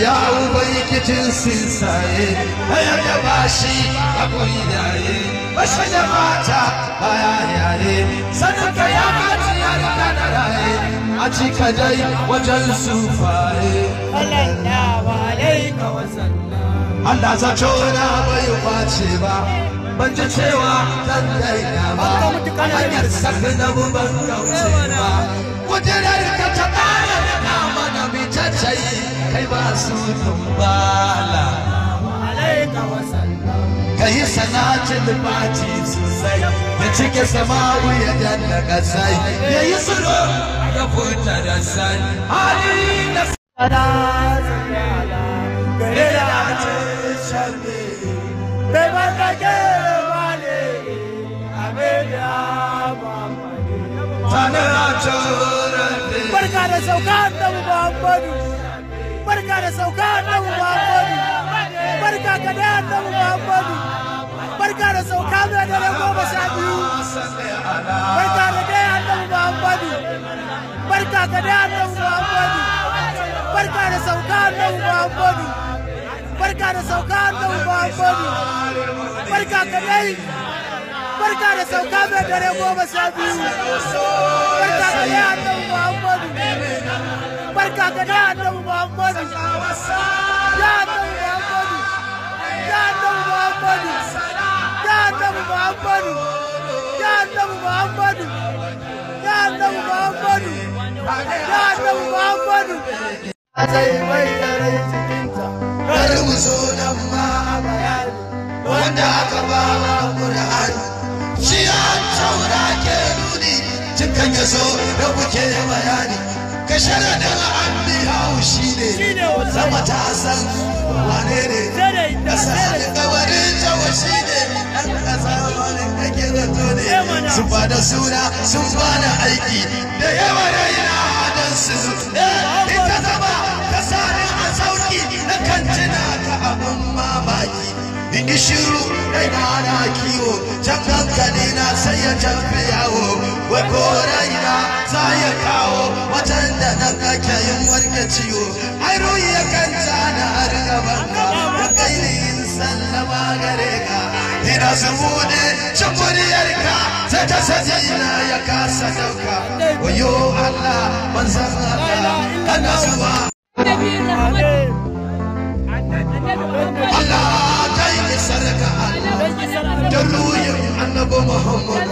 ya ubangijin sinsaye hayar da bashi akwai yaye bashi da mata baya yaye sanaka ya kaci ya rika da raye a cika dai wajen sufaye Allah za cona bai kwace ba ban ji cewa kan daina ba hanyar sakin da ban rauce ba kujerar ka ta ƙara da mana mai kai sanacin baci sosai ya cike sama'u ya ya da san hali na sada gare ba da ba barka ao canto o Muhammadu barka da saukar da Muhammadu barka ka da da Muhammadu o da saukar da o goma sha biyu o da dai da o barka ka ao canto o barka da saukar da Muhammadu barka da saukar da ao canto ka dai barka da saukar da dare goma sha biyu barka barka ga da annabi muhammadu ya annabi muhammadu ya annabi muhammadu ya annabi muhammadu ya annabi muhammadu ya annabi muhammadu ya annabi muhammadu zai mai da rai cikinta kar mu so dan ma a bayani wanda aka ba wa qur'ani shi ya taura ke nuni cikin yaso da kuke bayani daga sharaɗin an biya shi ne Zama ta san wane ne Ka da sami kabarin jawa shi ne ɗan ƙasa wani kake zato ne eh, su ba da suna sun ba da aiki da yawa da yana hadar su eh, eh, ita zama ta sani a sauki na kantina ka abin mamaki in shiru dai na ana kiwo can hankali na sai ya canfi yawo wai ko raina za ya kawo wajen da nan ake yin warke ciwo haru ya kanta na arga banka da kai ne in sallama gare ka ina samu ne cimuriyar ka sai ta saji ya kasa dauka wayo Allah manzan Allah kana zuwa Allah kai isar ka Allah da ruhin annabi Muhammad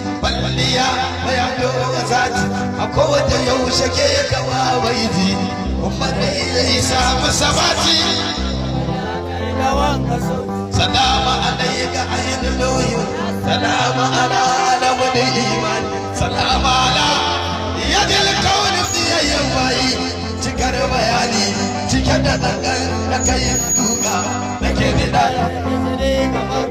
balliya mai ga kasati a kowace yaushe ke kawa waidi umar da ilai samu sabati salama alayka ayin loyo salama ala ala wani iman salama ala yadil kaunin biyayyen bayi cikar bayani cikar da dangan da kai duka da ke kamar.